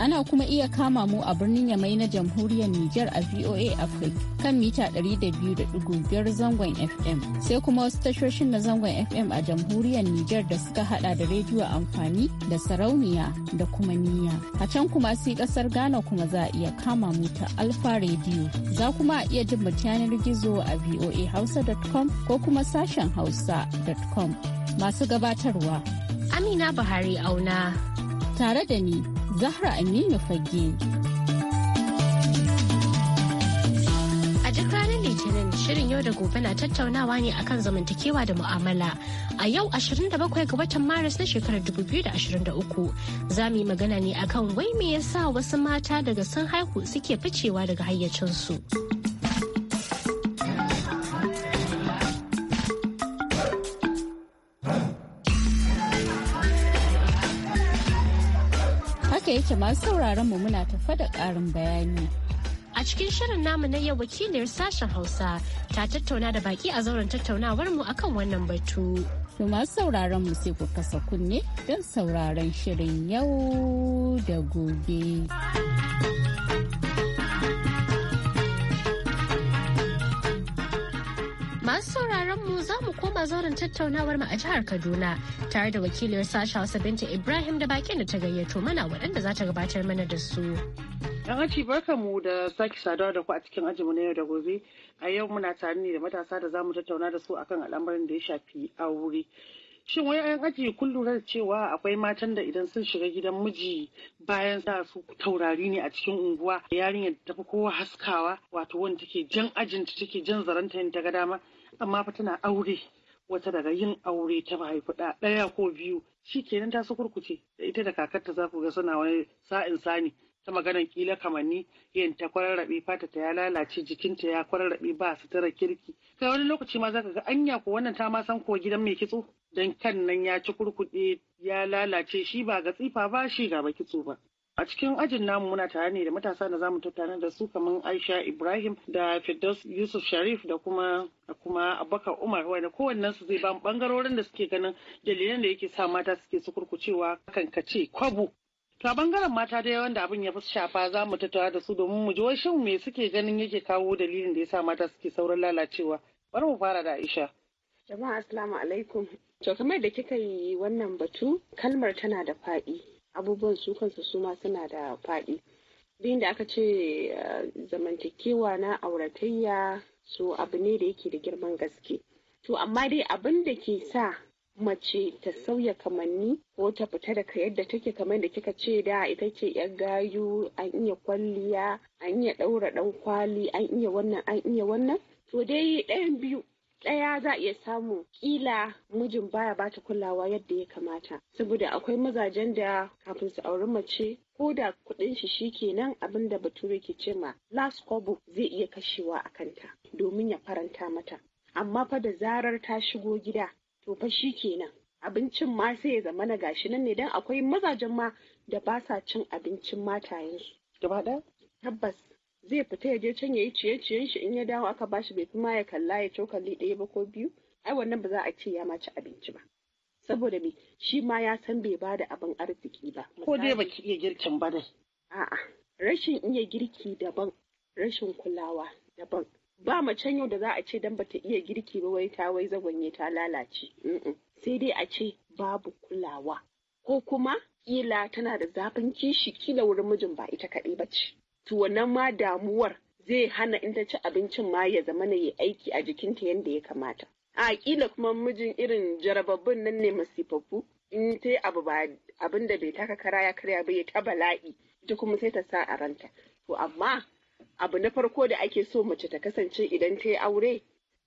Ana kuma iya kama mu a birnin Yamai na jamhuriyar Nijar a VOA Africa kan mita 200.5 zangon FM. Sai kuma wasu tashoshin na zangon FM a jamhuriyar Nijar da suka hada da rediyo amfani da sarauniya da kuma niya A can kuma sai kasar Ghana kuma za a iya kama mu ta Alfa rediyo Za kuma a iya jin yanar gizo a Hausa.com ko kuma sashen hausa.com. Masu gabatarwa. Amina Buhari auna. Tare da ni Zahra Aminu Fage. A duk ranar Litinin shirin yau da gobe na tattaunawa ne akan zamantakewa da mu'amala. A yau 27 ga watan Maris na shekarar 2023 za mu yi magana ne akan wai me yasa wasu mata daga sun haihu suke ficewa daga hayyacinsu. Haka yake masu sauraron mu muna ta da ƙarin bayani. A cikin shirin namu na yau wakiliyar sashen Hausa ta tattauna da baki a zauren tattaunawar mu akan wannan batu. To masu sauraron mu sai ku kasa kunne don sauraron shirin yau da gobe. masu sauraron mu za mu koma zauren tattaunawar mu a jihar Kaduna tare da wakiliyar sasha Hausa Binta Ibrahim da bakin da ta gayyato mana waɗanda za ta gabatar mana da su. Yan aci barka mu da sake saduwa da ku a cikin mu na yau da gobe. A yau muna tare ne da matasa da za mu tattauna da su akan al'amarin da ya shafi aure. Shin wai yan aji kun lura da cewa akwai matan da idan sun shiga gidan miji bayan za su taurari ne a cikin unguwa yarinyar da fi kowa haskawa wato wanda take jan ajinta take jan zaranta ta ga dama amma fa tana aure wata daga yin aure ta haifi ɗa ɗaya ko biyu shi kenan ta su kurkuce da ita da kakarta za ku ga suna wani sa'in sani ta maganan kila kamanni yin ta kwararrabe fata ta ya lalace jikinta ya kwararrabe ba su tara kirki kai wani lokaci ma zaka ga anya ko wannan ta ma san ko gidan mai kitso dan kan nan ya ci kurkuɗe ya lalace shi ba ga tsifa ba shi ga ba kitso ba A cikin ajin namu muna tare ne da matasa da zamu tattauna da su kamar Aisha Ibrahim da Firdaus Yusuf Sharif da kuma kuma Abubakar Umar wanda kowannen su zai ba bangarorin da suke ganin dalilan da yake sa mata suke sukurkucewa kan kace kwabu. ta bangaren mata yawan da abin ya fi shafa za mu tattauna da su domin mu ji wani shin me suke ganin yake kawo dalilin da ya sa mata suke sauran lalacewa. Bari mu fara da Aisha. Jama'a assalamu alaikum. To kamar da kika yi wannan batu kalmar tana da faɗi abubuwan su kansu su ma suna da faɗi biyun da aka ce eh, zamantakewa na auratayya su abu ne da yake da girman gaske to amma dai abin da ke sa mace ta sauya kamanni ko ta fita daga yadda take kamar da kika ce da ita ce yar gayu an iya kwalliya an iya ɗaura ɗan kwali an iya wannan an iya wannan to dai ɗayan biyu ɗaya za a iya samu ƙila mijin baya bata kulawa yadda ya kamata saboda akwai mazajen da kafin su auri mace ko da kuɗin shi shi kenan abin da bature ke ce ma last kobo zai iya kashewa a kanta domin ya faranta mata amma fa da zarar ta shigo gida to fa shi kenan abincin ma sai ya zama na gashi nan ne dan akwai mazajen ma da ba sa cin abincin matayensu gaba tabbas zai fita ya je can ya yi ciye-ciyen shi in ya dawo aka bashi bai fi ma ya kalla ya cokali ɗaya ba ko biyu ai wannan ba za a ce ya ma ci abinci ba saboda me shi ma ya san bai ba da abin arziki ba ko dai baki iya girkin ba dai a'a rashin iya girki daban rashin kulawa daban ba macen yau da za a ce dan bata iya girki ba wai ta wai zagonye ta lalace sai dai a ce babu kulawa ko kuma kila tana da zafin kishi kila wurin mijin ba ita kaɗai ba ce to wannan ma damuwar zai hana in ta ci abincin ma ya zama na yi aiki a jikinta yadda ya kamata. A kila kuma mijin irin jarababbun nan ne masifaffu in ta yi abu ba abin da bai taka kara ya karya ba ya ta bala'i ita kuma sai ta sa a ranta. To amma abu na farko da ake so mace ta kasance idan ta yi aure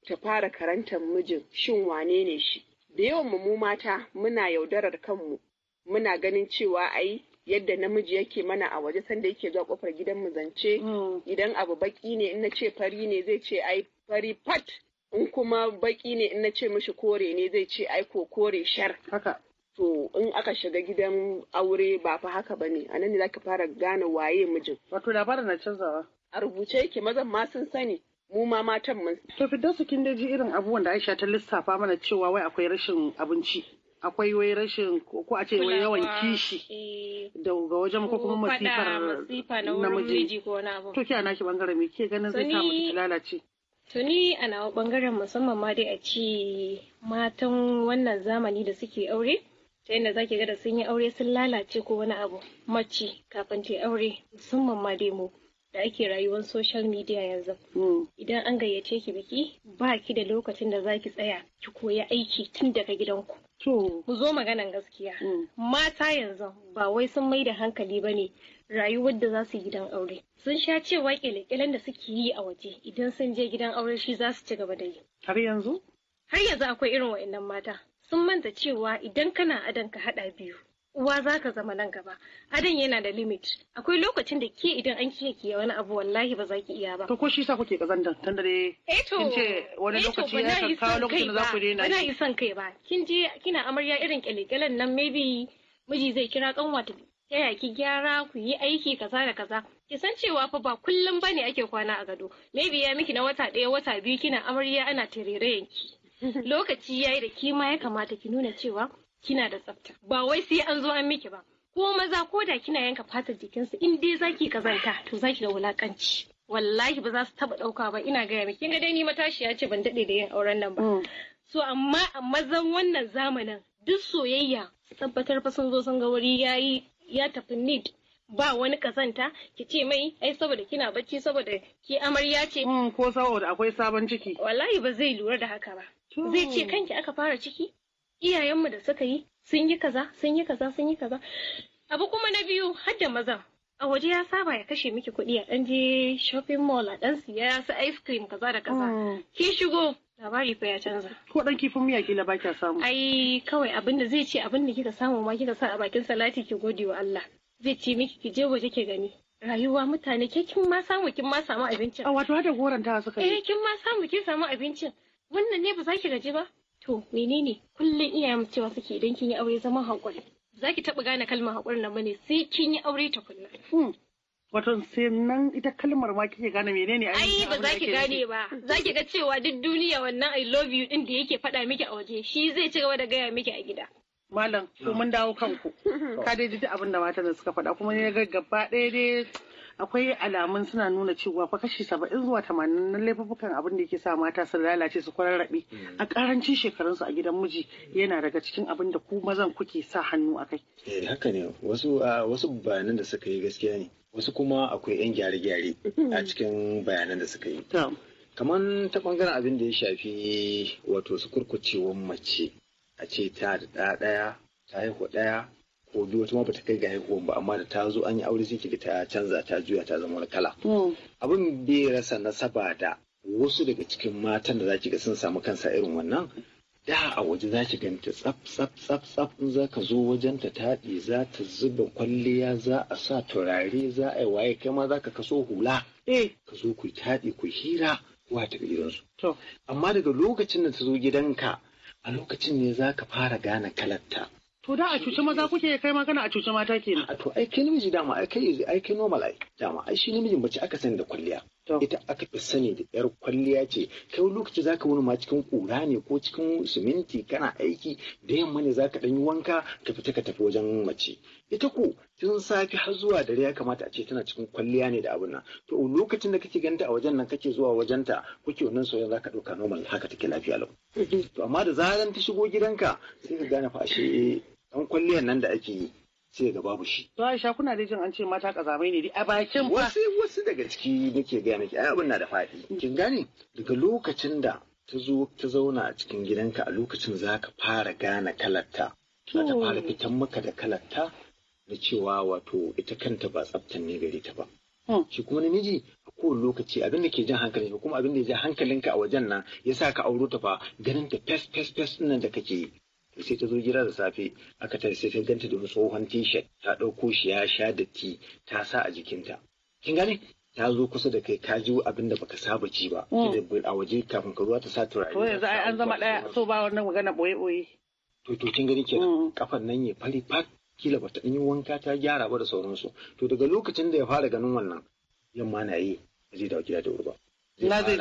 ta fara karantar mijin shin wane ne shi. Da yawan mu mata muna yaudarar kanmu muna ganin cewa ai yadda namiji yake mana a waje sanda yake zuwa kofar gidan mu zance hmm. idan abu baki ne in ce fari ne zai ce ai fari pat in kuma baki ne in ce mishi kore ne zai ce ai ko kore shar haka to in aka shiga gidan aure ba fa haka bane anan ne zaka fara gane waye mijin wato labarin na canzawa a rubuce yake mazan ma sun sani mu ma matan mun to su kin daji irin abubuwan da Aisha ta lissafa mana cewa wai akwai rashin abinci akwai wai rashin ko a ce wai yawan kishi eh. daga wajen ko kuma masifar miji ko na abu to kiya naki bangaren me ke ganin zai lalace to ni a nawa bangaren musamman ma dai a ce matan wannan zamani da suke aure ta yadda zaki ga da sun yi aure sun lalace ko wani abu mace kafin ta aure musamman ma dai mu da ake rayuwar social media yanzu. Hmm. Idan an gayyace ki biki, ba ki da lokacin da zaki tsaya ki koyi aiki tun daga gidanku. Mu zo maganan gaskiya. Mm. Mata yanzu ba wai sun mai da hankali ba ne rayuwar da za su gidan aure. Sun sha cewa kyale da suke yi a waje idan sun je gidan aure shi za su ci gaba da yi. Har yanzu? Har yanzu akwai irin wa'annan mata. Sun manta cewa idan kana adon ka haɗa biyu uwa za ka zama nan gaba adan yana da limit akwai lokacin da ke idan an kike ki wani abu wallahi ba za ki iya ba to ko shi sa kuke kazandan tun da dai eh kin ce wani eh lokaci ya ka lokacin da za ku daina bana isan kai ba kin je kina amarya irin kyalekyalen nan maybe miji zai kira kanwa ta yaya ki gyara ku yi aiki kaza da kaza ki san cewa fa ba kullum bane ake kwana a gado maybe ya miki na wata ɗaya wata biyu kina amarya ana tarerayen ki lokaci yayi da kima ya kamata ki nuna cewa kina da tsafta ba wai sai an zo an miki ba ko maza ko da kina yanka fatar su in dai zaki kazanta to zaki da wulakanci wallahi ba za su taba dauka ba ina gaya miki kinga dai ni matashiya ce ban dade da yin auren nan ba mm. so amma a mazan wannan zamanin duk soyayya tabbatar fa sun zo sun ga wuri yayi ya tafi need ba wani kazanta ki ce mai ai saboda kina bacci saboda ki amarya ce mm, ko saboda akwai sabon ciki wallahi ba zai lura da haka ba zai ce kanki aka fara ciki iyayenmu da suka yi sun yi kaza sun yi kaza sun yi kaza abu kuma na biyu har da a waje ya saba ya kashe miki kuɗi a ɗan je shopping mall a ɗan siya su ice cream kaza da kaza mm. ki shigo labari fa ya canza ko ɗan kifin miya kila ba kya samu ai kawai abin da zai ce abin da kika samu ma kika sa a bakin salati ki gode wa Allah zai ce miki ki je waje ki gani rayuwa mutane ke kin ma samu kin ma samu abincin a wato hada goranta suka yi eh kin ma samu kin samu abincin wannan ne ba za ki gaji ba to menene kullum iyayen cewa suke idan kin yi aure zama haƙuri za ki taɓa gane kalmar haƙurin nan bane sai kin yi aure ta kullum. Hmm. Wato sai nan ita kalmar ma kike gane menene ai ba za ki gane ba za ki ga cewa duk duniya wannan I love you din da yake faɗa miki a waje shi zai ci gaba da gaya miki a gida. Malam, to mun dawo kanku. Ka dai ji abin da matan suka faɗa kuma ne ga gaba ɗaya dai akwai alamun suna nuna cewa fa kashi saba'in zuwa tamanin na laifukan abin da yake sa mata su lalace su kwararrabe mm. a karancin shekarun su a gidan miji yana daga cikin abin da ku mazan kuke sa hannu a kai. Eh haka ne wasu wasu bayanan da suka yi gaskiya ne wasu kuma akwai 'yan gyare-gyare a mm-hmm. cikin bayanan da suka yi. Kamar ta bangaren abin da ya shafi wato su kurkucewan mace a ce ta da ɗaya ta haihu ɗaya obi wata ma bata kai ga haihuwan ba amma da ta zo an yi aure sai kiga ta canza ta juya ta zama wani kala hmm. abin bai rasa nasaba da wasu daga cikin matan da zaki ga sun samu kansa irin wannan da a waje za ki ganta tsaf tsaf tsaf tsaf in za ka zo wajen ta taɗi za ta zuba kwalliya za a sa turare za a yi waye kai ma za ka kaso hula eh ka zo ku taɗi ku hira wa ta gidansu amma daga lokacin da ta zo gidanka a lokacin ne za ka fara gane kalarta To da a cuce maza kuke kai ma a cuce mata ke to ai namiji dama ai kai ai normal ai dama ai shi namijin mace aka sani da kwalliya. Ita aka fi sani da yar kwalliya ce kai lokaci zaka wani ma cikin kura ne ko cikin siminti kana aiki da yamma ne zaka dan yi wanka ka fita ka tafi wajen mace. Ita ko tun safe har zuwa dare ya kamata a ce tana cikin kwalliya ne da abin nan. To lokacin da kake ganta a wajen nan kake zuwa wajenta kuke wannan soyayya zaka dauka normal haka take lafiya lau. Mm-hmm. To amma da zaran ta shigo gidanka sai ka gane fa ashe Ɗan kwalliyar nan da ake yi sai ga babu shi. To Aisha kuna da jin an ce mata kazamai ne a bakin fa. Wasu wasu daga ciki nake gaya miki ai abin na da faɗi. Kin gane daga lokacin da ta zo ta zauna a cikin gidanka a lokacin za ka fara gane kalarta. Za ta fara fitan maka da kalarta da cewa wato ita kanta ba tsaftan ne gare ta ba. Hmm. Shi kuma namiji a kowane lokaci abin da ke jan hankali ko kuma abin da ya ja hankalinka a wajen nan ya sa ka auro ta fa ganin ta fes fes fes nan da kake yi. sai ta zo gida da safe aka ta sai ta ganta da tsohon t-shirt ta ɗauko shi ya sha datti ta sa a jikinta kin gane ta zo kusa da kai ka ji abin da baka saba ji ba mm. a waje kafin ka ruwa ta sa turare to yanzu an zama ɗaya so ba wannan magana boye boye to to kin gani kenan kafan mm. nan ya fari fat kila bata yi wanka ta gyara ba da sauransu to daga lokacin da ya fara ganin wannan yamma na yi zai dawo gida da zai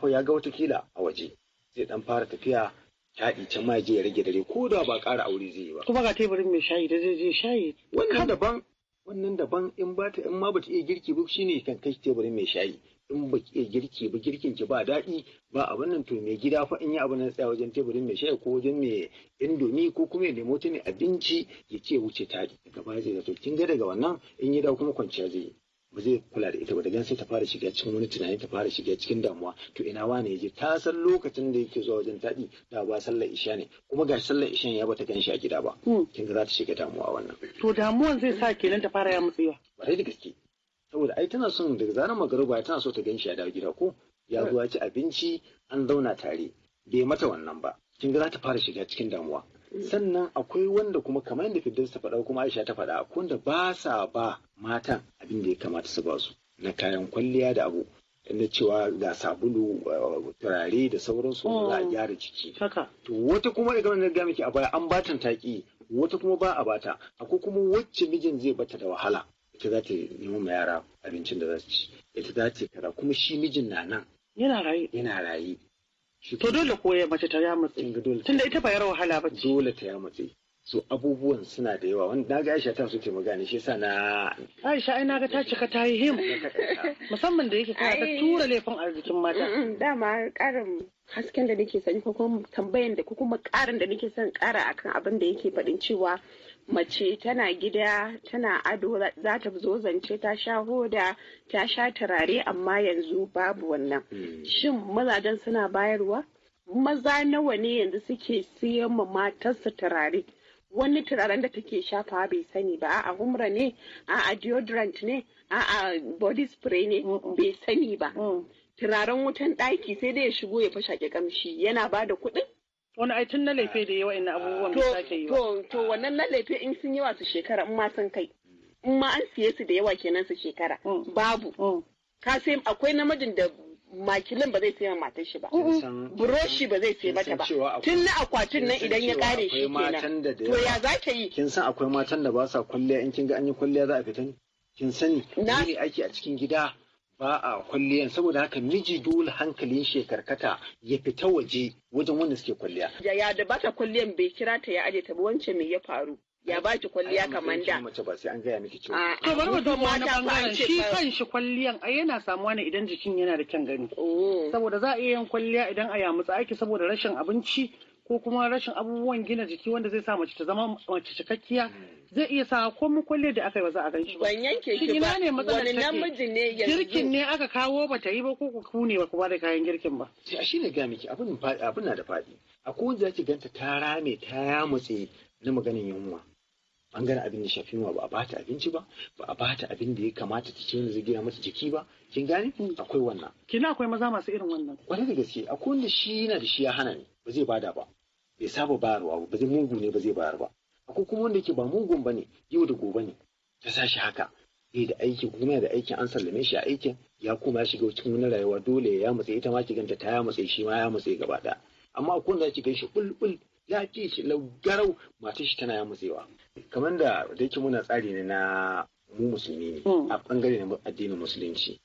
ba ya ga wata kila a waje zai dan fara tafiya shaɗi ta ma je ya rage dare ko da ba ƙara aure zai yi ba kuma ga teburin mai shayi da zai je shayi wannan daban wannan daban in ba ta in ma ba ta iya girki ba shine kan kai teburin mai shayi in ba ki iya girki ba girkin ki ba daɗi ba a wannan to mai gida fa in yi abu na tsaya wajen teburin mai shayi ko wajen mai indomi ko kuma ya nemo ta ne abinci ya ce wuce tari gaba zai zato kin ga daga wannan in yi dawo kuma kwanciya zai yi ba zai kula da ita ba daga sai ta fara shiga cikin wani tunani ta fara shiga cikin damuwa to ina wane yaje ta san lokacin da yake zuwa wajen taɗi da ba sallar isha ne kuma ga sallar isha ya bata ganshi shi a gida ba hmm. kin ga za ta shiga damuwa wannan to damuwan zai sa kenan ta fara ya mutsewa ba da gaske saboda ai tana son daga zaran magaruba tana so ta ganshi a dawo gida ko ya zuwa ci abinci an zauna tare bai mata wannan ba kin ga za ta fara shiga cikin damuwa hmm. sannan akwai wanda kuma kamar yadda Firdausa ta faɗa kuma Aisha ta faɗa akwai wanda ba sa ba matan abin da ya kamata su ba su na kayan kwalliya da abu na cewa ga sabulu eh, turare da sauransu za a oh. gyara jiki to wata kuma da wannan gami ke a baya an batan taki wata kuma ba a bata akwai kuma wacce mijin zai bata da wahala ita za ta nemi ma yara abincin da za su ci ita za ta kara kuma shi mijin na nan yana raye yana raye to dole ko ya mace ta ya matsi dole tunda ita ba yar wahala ba dole ta ya matsi so abubuwan suna da yawa wanda naga Aisha ta suke magana shi yasa na Aisha ai naga ta cika ta yi him musamman da yake kana ta tura laifin arzikin mata mm, mm, dama karin hasken da nake sani ko kuma tambayan da ko kuma karin da nake son kara akan abin da yake faɗin cewa mace tana gida tana ado za ta zo zance ta sha hoda ta sha turare amma yanzu babu wannan mm. shin mazajen suna bayarwa maza nawa ne yanzu suke siyan ma matarsa turare wani turaren da take shafawa bai sani ba a'a humra ne a'a deodorant ne a'a body spray ne mm, mm. bai sani ba mm. turaren wutan ɗaki sai dai ya shigo ya fashe kamshi yana ba da kuɗin wani ai tun na laife da yawa ina abubuwan da sake yi to to wannan na laife in sun yi su shekara in ma sun kai in ma an siye su da yawa kenan su shekara babu ka sai akwai namijin da makilin ba zai sai matar shi ba buroshi ba zai sai mata ba tun na akwatin nan idan ya kare shi kenan to ya za ka yi kin san akwai matan da ba sa kwalliya in kin ga an yi kwalliya za a fita ne kin sani ne aiki a cikin gida ba a kwalliyan saboda haka miji dole hankalin shi karkata ya fita waje wajen wanda suke kwalliya. Ya da bata kwalliyan bai kira ta ya aje ta ba wancan me ya faru. ya baki kwalliya kamar da. Mace ba sai an gaya miki cewa. Ah, to bari mu duba wani bangaren shi kanshi kwalliyan ai yana samuwa ne idan jikin yana da kyan gani. Oh. Saboda za a iya yin kwalliya idan a yamutsa aiki saboda rashin abinci ko kuma rashin abubuwan gina jiki wanda zai sa mace ta zama mace cikakkiya hmm. zai iya sa ko mu kwalliya da aka yi ba za a gan shi ba. Ban yanke shi ba. ne matsalar namiji ne yanzu. Girkin ne aka kawo ba ta yi ba ko ku ne ba ku ba da kayan girkin ba. Sai a shi ne ga miki abin na da faɗi. A kowanne za ki ganta ta rame ta yamutse na maganin yunwa. bangaren abin da shafi ba a bata abinci ba ba a bata abin da ya kamata ta ci wanda zai gina mata jiki ba kin gane mm. akwai wannan kina akwai maza masu irin wannan kwarai da gaske akwai wanda shi yana da shi ya hana ne ba zai bada ba bai saba bayarwa ba zai mugu ne ba zai bayar ba akwai kuma wanda yake ba mugun ba ne yau da gobe ne ta sa shi haka bai da aiki kuma yana da aikin an sallame shi a aikin ya koma ya shiga cikin wani rayuwa dole ya matsayi ta ma ganta ta ya matsayi shi ma ya matsayi gaba ɗaya amma akwai wanda ki gan shi bulbul lafiyar shi laugarau. matar shi tana yamutsewa kamar da da yake muna tsari ne na mu musulmi ne hmm. a bangare na addinin musulunci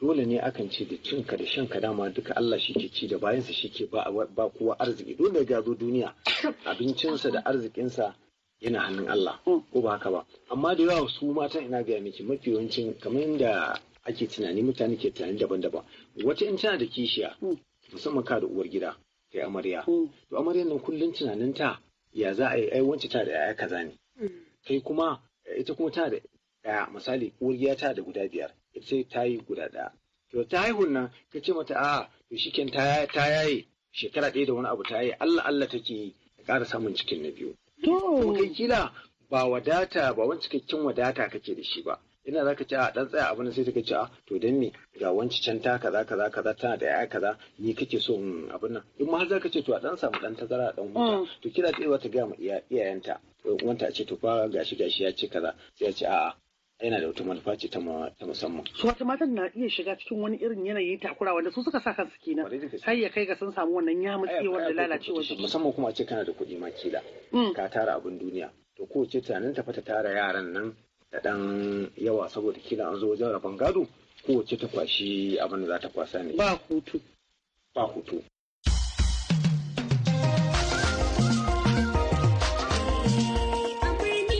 dole ne akan ce da cinka da ka dama duka Allah shi ke ci da bayansa shi ke ba kowa arziki dole ga zo duniya abincinsa da arzikinsa yana hannun Allah hmm. ko ba haka ba amma da yawa su matan ina gaya miki mafi yawancin kamar yadda ake tunani mutane ke tunani daban-daban wata in tana da kishiya hmm. musamman ka da uwar gida kai amarya hmm. to amaryar nan kullum tunanin ta ya za a yi ai wance ta da yaya kaza ne hmm. kai kuma ita kuma ta da ɗaya misali uwargiya ta da guda biyar ita sai ta yi guda ɗaya to ta haihu nan ka ce mata a to shiken ta yaye shekara ɗaya da wani abu ta yaye Allah Allah take yi ta ƙara samun cikin na biyu To kai kila ba wadata ba wani cikakken wadata kake da shi ba ina zaka ce a dan tsaya abin sai take ce a to dan me ga wanci can ta kaza kaza kaza tana da yaya kaza ni kake so abin nan in ma har zaka ce to a dan samu dan tazara dan huta mm. to kira ce wata ta ga ma iyayenta wanta ce to fa gashi gashi ya ce kaza sai ya ce a'a yana da wata manufa ce ta musamman. Su wata matan na iya shiga cikin wani irin yanayi takura wanda su suka sa kansu kenan. Har ya kai ga sun samu wannan ya mutsewar wanda lalacewa shi Musamman kuma a ce kana da kuɗi ma kila. Mm. Ka tara abin duniya. To ko ce tunanin ta fata tara yaran nan da dan yawa saboda kila an zo wajen rabon gado kowace ta kwashi abin da za ta kwasa ne. Ba hutu. Ba hutu. Abin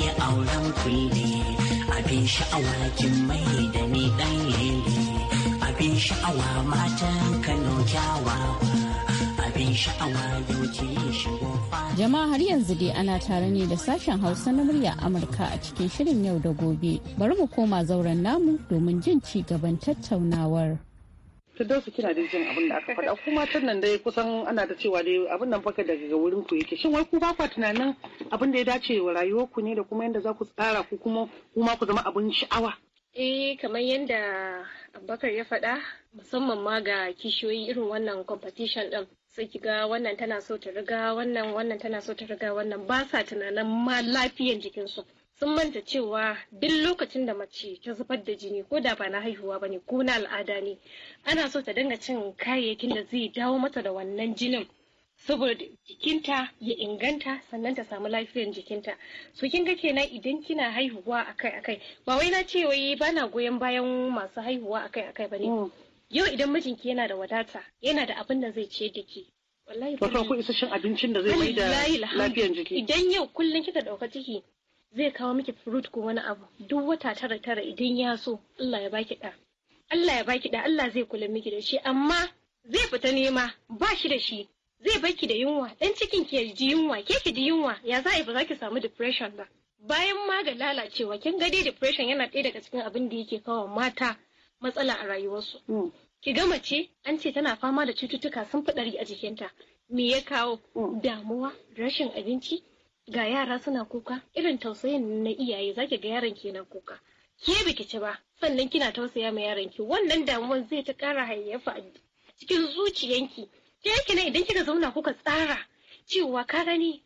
ya auren abin sha'awa kin mai sha'awa matan Kano kyawa abin sha'awa yau ke shigo Jama'a har yanzu dai ana tare ne da sashen Hausa na murya Amurka a cikin shirin yau da gobe. Bari mu koma zauren namu domin jin ci gaban tattaunawar. ta dosa kina da jin abin da aka faɗa kuma tun nan dai kusan ana ta cewa dai abin nan faka daga wurin ku yake shin wai ku ba ku tunanin abin da ya dace wa rayuwar ku ne da kuma yadda za ku tsara ku kuma kuma ku zama abin sha'awa eh kamar yadda Abubakar ya faɗa musamman ma ga kishiyoyi irin wannan competition ɗin. Sai ki ga wannan tana so ta riga wannan wannan tana so ta riga wannan ba sa tunanin ma lafiyan jikinsu. Sun manta cewa duk lokacin da mace ta zubar da jini ko da ba na haihuwa ba ne ko na al'ada ne ana so ta dinga cin kayayyakin da zai dawo mata da wannan jinin. saboda jikinta ya inganta sannan ta samu lafiyar jikinta so kin ga kenan idan kina haihuwa akai-akai ba wai na ce wai bana goyon bayan masu haihuwa akai-akai bane mm. yau idan mijinki yana da wadata yana da abin da zai ce da ke wallahi ba ku isasshen abincin da zai mai da lafiyar jiki idan yau kullum kika dauka ciki zai kawo miki fruit ko wani abu duk wata tara tara idan ya so Allah ya baki da Allah ya baki da Allah zai kula miki da shi amma zai fita nema ba shi da shi zai baki da yunwa dan cikin ki ji yunwa ke ki ji yunwa ya za ba za ki samu depression ba bayan ma ga lalacewa kin ga dai depression yana ɗaya daga cikin abin da yake kawo mata matsala a rayuwarsu mm. ki ga mace an ce tana fama da cututtuka sun fi ɗari a jikinta me ya kawo mm. damuwa rashin abinci ga yara suna kuka irin tausayin na iyaye zaki ga yaron ki na kuka ke biki ci ba sannan kina tausaya ma yaron ki wannan damuwan zai ta kara hayyafa a cikin zuciyanki Ke yake ne idan kika zauna kuka tsara cewa ka gani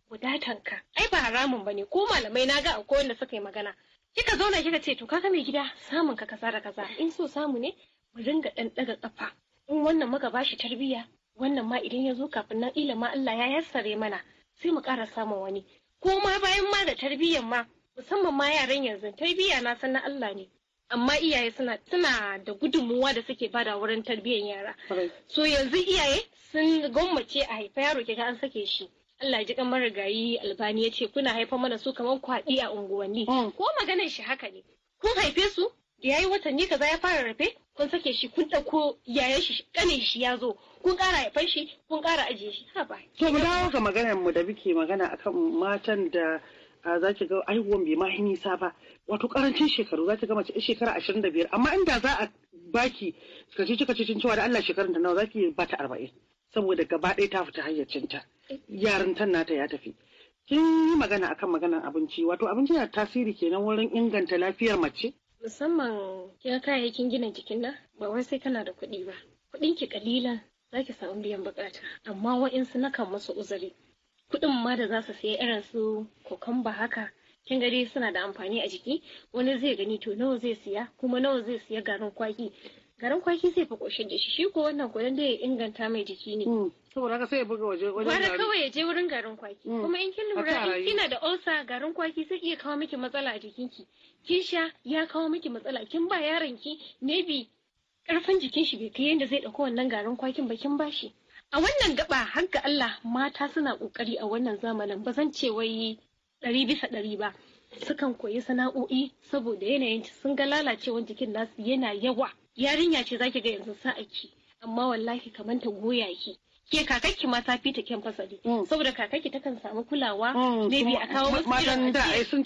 ka' Ai ba haramun bane ko malamai na ga akwai wanda suka yi magana. Kika zauna kika ce to kaga mai gida samun ka kaza da kaza in so samu ne mu ringa dan daga kafa. In wannan muka bashi tarbiyya wannan ma idan ya zo kafin nan ila ma Allah ya yassare mana sai mu ƙara samun wani. Ko ma bayan ma da tarbiyyan ma musamman ma yaran yanzu tarbiyya na san na Allah ne. amma iyaye suna suna da gudunmuwa da suke bada wurin tarbiyyar yara so yanzu iyaye sun gwammace a haifa yaro kiga an sake shi Allah ji kamar marigayi albani ya ce kuna haifa mana su kamar kwaɗi a unguwanni mm. ko maganar shi haka ne kun haife su da yayi watanni kaza ya fara rafe kun sake shi kun ɗauko yayan shi kanin shi ya zo kun ƙara haifan shi kun ƙara ajiye shi ha to mu dawo ga maganar mu da muke magana akan matan da za ki ga aihuwan bai ma nisa ba wato karancin shekaru za ki ga mace shekara ashirin da biyar amma inda za a baki ci cika cikin cewa da Allah shekarun ta nawa za ki ba ta arba'in saboda gaba ɗaya ta fita hayyacinta yaran ta nata ya tafi kin yi magana akan maganar abinci wato abinci na tasiri kenan wurin inganta lafiyar mace musamman kaya kayayyakin gina jikin nan ba wai sai kana da kuɗi ba kuɗin ki kalilan za ki samu biyan bukata amma wa'insu na kan masu uzuri kuɗin ma da za su sayi irin su kokamba haka kin gari suna da amfani a jiki wani zai gani to nawa zai siya kuma nawa zai siya garin kwaki garin kwaki zai fa koshin da shi shi ko wannan kuɗin da ya inganta mai jiki ne hmm. saboda haka sai ya buga waje wajen gwara kawai ya je wurin garin kwaki hmm. kuma in kin lura in kina da ulsa garin kwaki zai iya kawo miki matsala a jikinki kin sha ya kawo miki matsala kin ba yaron ki bi karfin jikin shi bai kai yadda zai dauko wannan garin kwakin ba kin bashi A wannan gaba har ga Allah mata suna ƙoƙari a wannan zamanin ba zan ce wai ɗari bisa ɗari ba. Sukan koyi sana'o'i saboda yanayin sun ga lalacewar jikin nasu yana yawa. Yarinya ce zaki ga yanzu sa'a ki? amma wallahi kamar ta goya ki. ke kakakki ma ta fi ta kyan fasali mm. saboda kakakki takan samu kulawa mm. bi a kawo masu matan sun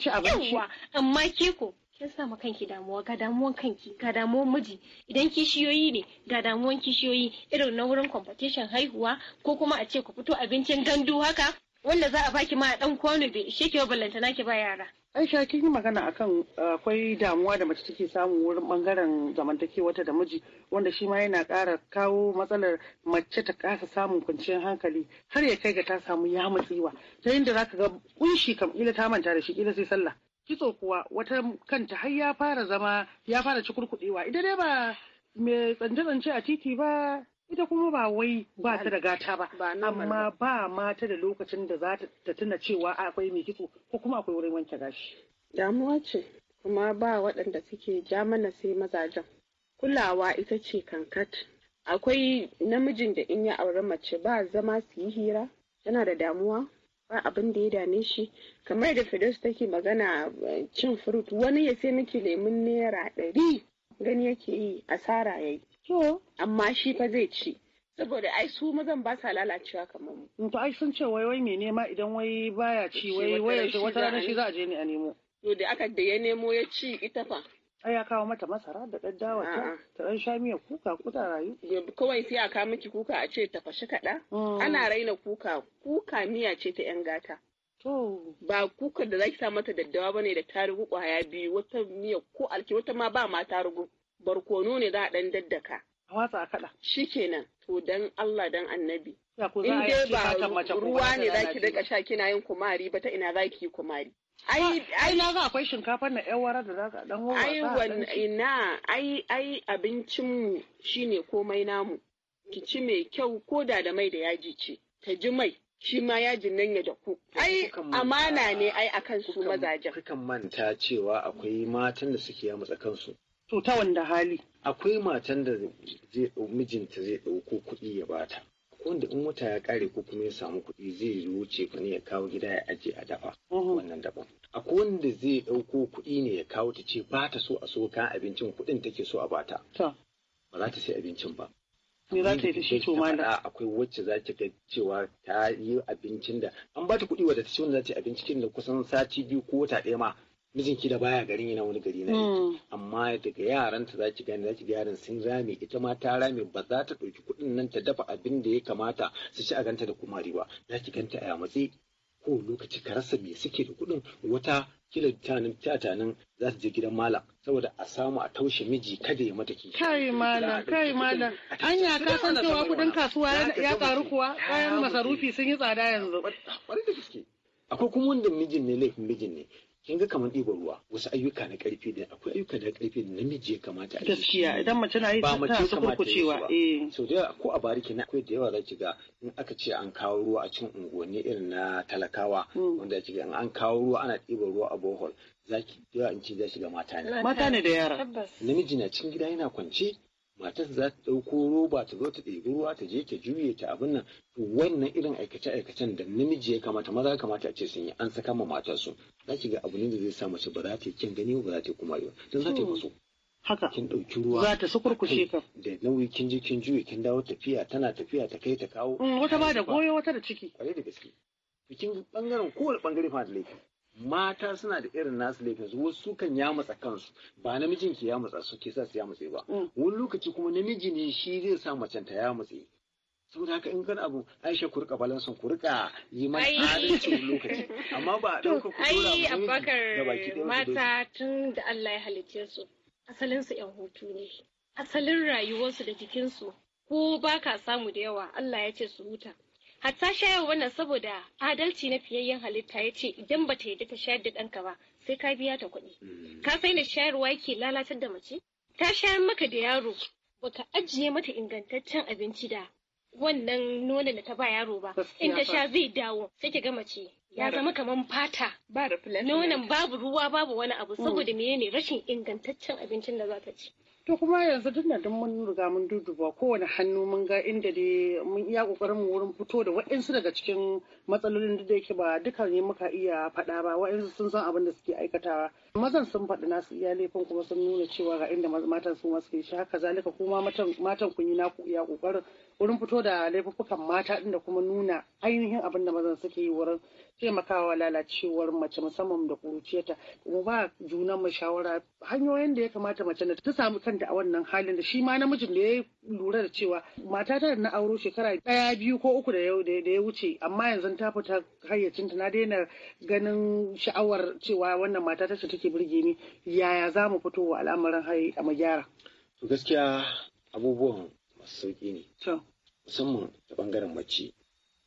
amma ke ko kin samu kanki damuwa ga damuwan kanki ga damuwan miji idan kishiyoyi ne ga damuwan kishiyoyi irin na wurin competition haihuwa ko kuma a ce ku fito abincin gandu haka wanda za a baki ma a dan kwano bai ishe ki ba ke ba yara Aisha kin yi magana akan uh, akwai damuwa da mace take samu wurin bangaren zamantakewa ta da miji wanda shi ma yana ƙara kawo matsalar mace ta kasa samun kwanciyar hankali har ya kai ga ta samu ya matsiwa ta yadda zaka ga kunshi kam ila ta manta da shi kila sai sallah kitso kuwa wata kanta har ya fara zama ya fara cikurkuɗewa ita dai ba mai tsance-tsance a titi ba ita kuma ba wai ba ta da gata ba amma ba mata da lokacin da za ta tuna cewa akwai mai kitso ko kuma akwai wurin wanke gashi damuwa ce kuma ba waɗanda suke ja mana sai mazajen kulawa ita ce kankat akwai namijin da in ya aure mace ba zama su yi hira yana da damuwa ba abin da ya dame shi kamar da fidus take magana eh, cin furut wani ya sai miki lemun naira ɗari gani yake yi asara ya yi to amma shi fa zai ci saboda ai su mazan ba sa lalacewa kamar mu to ai sun ce wai wai me nema idan wai baya ci wai wai wata rana shi za a je ne a nemo to da aka da ya nemo ya ci ita fa ai ya kawo mata masara da ɗan dawa ta ɗan sha miya kuka kuɗa rayu kawai sai a kawo miki kuka a ce ta fashi kaɗa mm. ana raina kuka kuka miya ce ta yan gata ba kuka da zaki sa mata daddawa ba ne da tarugu kwaya biyu wata miya ko alki wata ma ba ma tarugu barkono ne za a ɗan daddaka a watsa a kaɗa Shi kenan to dan Allah dan annabi in dai ba ruwa ne za ki daga sha kina yin kumari ba ta ina za ki yi kumari. Ai na za akwai shinkafa na yan wara da za ka dan wara. Ai ina ai ai shi shine komai namu. Ki ci mai kyau ko da da mai da yaji ce. Ta ji mai shi ma yajin nan ya daku. Ai amana ne ai akan su mazajen. Kukan manta cewa akwai matan da suke matsa kansu. To ta wanda hali. Akwai matan da mijinta zai ɗauko kuɗi ya bata. wanda in wata ya kare ko kuma ya samu kuɗi zai wuce fa ne ya kawo gida ya ajiye a dafa mhm. wannan daban akwai wanda zai ɗauko kuɗi ne ya kawo ta ce ba ta so a so kayan abincin kuɗin take so a bata ba za ta sai abincin ba me za ta yi da shi to mala akwai wacce za ta ga cewa ta yi abincin da an ba ta kuɗi wadda ta ce wanda za ta yi abincin da kusan sati biyu ko wata ɗaya ma mijinki da baya garin yana wani gari na hmm. amma daga yaranta za ki gani za ki yaran sun rame ita ma ta rame ba za ta ɗauki kuɗin nan ta dafa abin da ya kamata su ci a ganta da kumari ba za ki ganta a matse ko lokaci ka rasa me suke da kuɗin wata kila tanin tatanin za su je gidan malam saboda a samu a taushe miji kada ya mata kishi kai malam kai malam anya ka san cewa kuɗin kasuwa ya karu kuwa kayan masarufi sun yi tsada yanzu akwai kuma wanda mijin ne laifin mijin ne kin ga kamar ɗiban ruwa wasu ayyuka na ƙarfi ne akwai ayyuka na ƙarfi da namiji ya kamata a yi idan mace na yi ba mace ta yi ba. Eh. so da ko a bariki na akwai da yawa ki ga in aka ce an kawo ruwa a cikin unguwanni irin na talakawa mm. wanda zaki ga an kawo ruwa ana ɗiban ruwa a bohol zaki yawa in ce za shiga mata ne mata ne da yara namiji na cikin gida yana kwance matarsa za ta ɗauko roba ta zo ta ɗebi ruwa ta je ta juye ta abin nan to wannan irin aikace-aikacen da namiji ya kamata maza kamata a ce sun yi an saka ma matarsu za ki ga abu ne da zai sa mace ba za ta yi kyan gani ba za ta yi kuma ba don za ta yi maso haka kin ɗauki ruwa za ta sukurkushe ka da nauyi kin je kin juye kin dawo tafiya tana tafiya ta kai ta kawo mm, wata ba da goyo wata da ciki kwarai da gaske bikin bangaren kowane bangare fa da laifi mata suna da irin nasu laifin su wasu kan matsa kansu ba namijin ke matsa su ke sa su yamutse ba mm. wani lokaci kuma namiji ne shi zai sa macen ta ya yamutse saboda haka in kana abu aisha ku rika balansun ku rika yi mai adalci lokaci amma ba a ɗauka ku dora mu da baki mata tun da Allah ya halicce su asalin su yan hutu ne asalin rayuwarsu da jikinsu ko ba ka samu da yawa Allah ya ce su huta hatta shayar wannan saboda adalci na fiyayyen halitta ya ce idan ta yi ta shayar da ɗanka ba sai ka biya ta kuɗi mm. ka sai da shayarwa yake lalatar da mace ta shayar maka da yaro baka ajiye mata ingantaccen abinci da wannan nonon da ta ba yaro ba in ta sha zai dawo sai ki ga mace ya zama kaman fata nonon babu ruwa babu wani abu mm. saboda menene rashin ingantaccen abincin da za ta ci To kuma yanzu duk nan mun riga mun duduba kowane hannu mun ga inda dai mun iya kokarin mu wurin fito da waɗansu daga cikin matsalolin da yake ba duka ne muka iya faɗa ba waɗansu sun san abin da suke aikatawa. Mazan sun faɗi nasu iya laifin kuma sun nuna cewa ga inda matan su ma suke shi haka zalika kuma matan kun yi naku iya kokarin wurin fito da laifukan mata ɗin da kuma nuna ainihin abin da mazan suke yi wurin taimakawa lalacewar mace musamman da kuruciyarta kuma ba junan mu shawara hanyoyin da ya kamata mace ta samu kanta a wannan halin da shi ma namijin da ya lura da cewa mata ta na auro shekara ɗaya biyu ko uku da ya wuce amma yanzu ta fita hayyacinta na daina ganin sha'awar cewa wannan mata ta ce take burge ni yaya za mu fito wa al'amarin hai a magyara. gaskiya abubuwan masu sauƙi ne. Musamman ta ɓangaren mace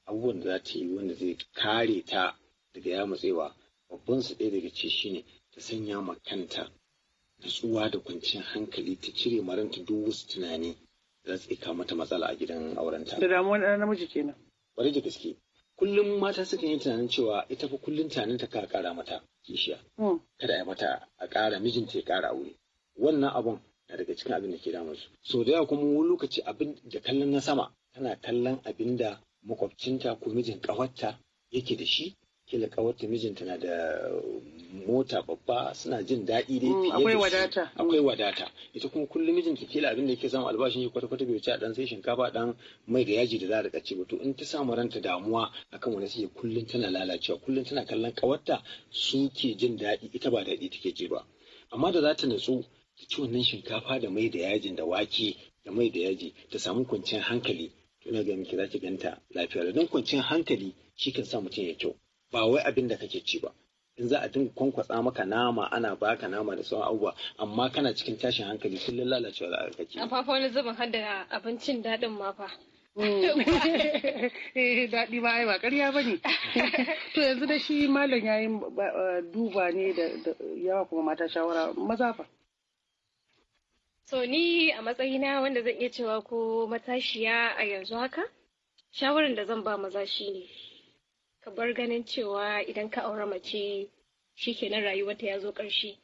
abubuwan da za ta yi wanda zai kare ta daga ya matsewa babban su ɗaya daga ce shine ta sanya ma kanta natsuwa da kwanciyar hankali ta cire maranta duk wasu tunani da za su ika mata matsala a gidan aurenta. Da damuwa na namiji kenan. Ƙwarai da gaske. Kullum mata sukan yi tunanin cewa ita fa kullum tunanin ta kara mata kishiya. Hmm. Kada ya mata a ƙara mijinta ya ƙara aure. Wannan abun na daga cikin abin da ke damun su so da yawa kuma wani lokaci abin da kallon na sama tana kallon abin da makwabcinta ko mijin kawarta yake da shi kila ƙawarta mijinta na da mota babba suna jin daɗi dai mm, fiye da akwai wadata akwai wadata ita kuma kullum mijinta kila abin da yake samu albashin shi kwata kwata bai wuce a ɗan sai shinkafa ɗan mai da yaji da za a rika ci ba to in ta samu ranta damuwa akan wani sai kullum tana lalacewa kullum tana kallon kawarta su ke jin daɗi ita ba daɗi take ji ba amma da za ta natsu ta ci wannan shinkafa da mai da yajin da wake da mai da yaji ta samu kwanciyar hankali ina ga miki za ganta lafiya da don kwanciyar hankali shi kan sa mutum ya kyau ba wai abin da kake ci ba in za a dinga kwankwasa maka nama ana baka nama da sauran abubuwa amma kana cikin tashin hankali sun lalacewa za a kake a wani zubin har abincin daɗin ma fa mm. daɗi ba ai ba ƙarya ba ne to yanzu da shi malam ya yi duba ne da yawa kuma mata shawara maza fa So ni a matsayina wanda zan iya cewa ko matashiya a yanzu haka, shawarar da zan ba maza shi ne, ka bar ganin cewa idan ka aura mace shi kenan rayuwarta ya zo ƙarshe.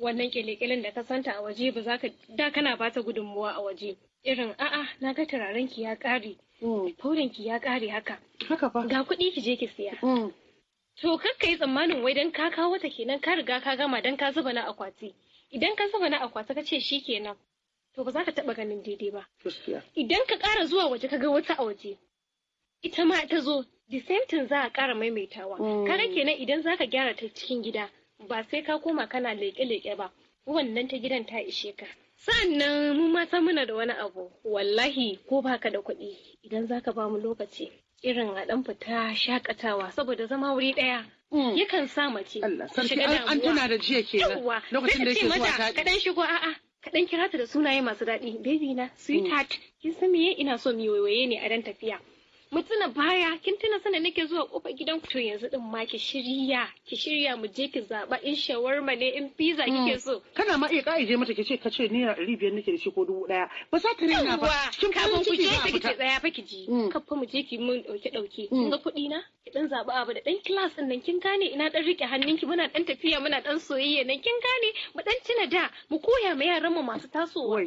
Wannan ƙyale-ƙyalen da ka santa a waje ba za ka da kana ba ta gudunmuwa a waje. Irin a'a na ga turaren ki ya ƙare, faurin mm. ki ya ƙare haka. Haka fa. Ga kuɗi ki je ki siya. Mm. To kakka yi tsammanin wai dan ka kawo ta kenan ka riga ka gama dan ka zuba na akwati. idan ka zama na akwata ka ce shi kenan to ba za ka taba ganin daidai ba idan ka ƙara zuwa waje ka ga wata a waje ita ma ta zo the za a ƙara maimaitawa mm. kare kenan idan za ka gyara ta cikin gida ba sai ka koma kana leƙe-leƙe ba wannan ta gidan ta ishe ka sa'annan mu mata muna da wani abu wallahi ko baka da kuɗi idan za ka ba mu lokaci irin a ɗan fita shakatawa saboda zama wuri ɗaya Mm. yakan sa mace ta shiga damuwa an tuna da jiya kenan lokacin da yake zuwa ta kadan shigo a'a kaɗan kira ta da sunaye masu daɗi baby na sweetheart mm. kin san ina so mi waiwaye ne a dan tafiya mutuna baya kin tuna sanda nake zuwa kofar gidan to yanzu din ma ki shirya ki shirya mu je ki zaba in shawarma ne in pizza hmm. kike so kana ma iya kaije mata kace ce ka ce naira ɗari biyar nake da shi ko dubu daya ba za ta rena ba kin kafin ku je ki ce tsaya fa ki ji hmm. kafa mu je ki mun dauke dauke hmm. kin ga kudi na ki dan zaba abu da dan class din nan kin gane ina dan rike hannunki muna dan tafiya muna dan soyayya nan kin gane mu dan cina da mu koya ma yaran mu masu tasowa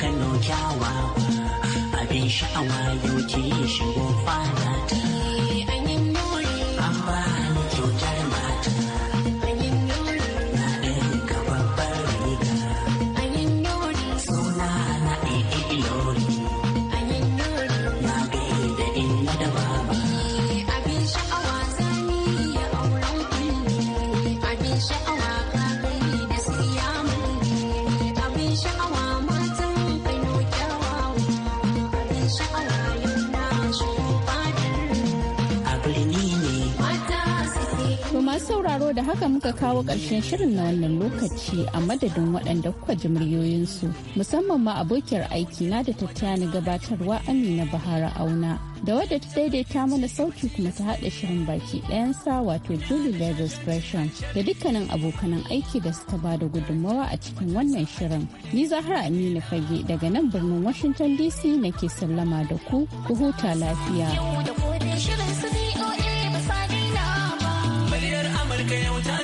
家娃娃，爱边沙娃，尤其是我发了呆，爱你不就在 da haka muka kawo ƙarshen shirin na wannan lokaci a madadin waɗanda kuka ji muryoyinsu musamman ma abokiyar aiki na da tattani gabatarwa amina bahara auna da wadda ta daidaita mana sauki kuma ta haɗa shirin baki sa wato julie lagos gresham da dukkanin abokanan aiki da suka ba da gudunmawa a cikin wannan shirin ni zahra amina fage daga nan birnin washington dc nake sallama da ku ku huta lafiya. ka yauta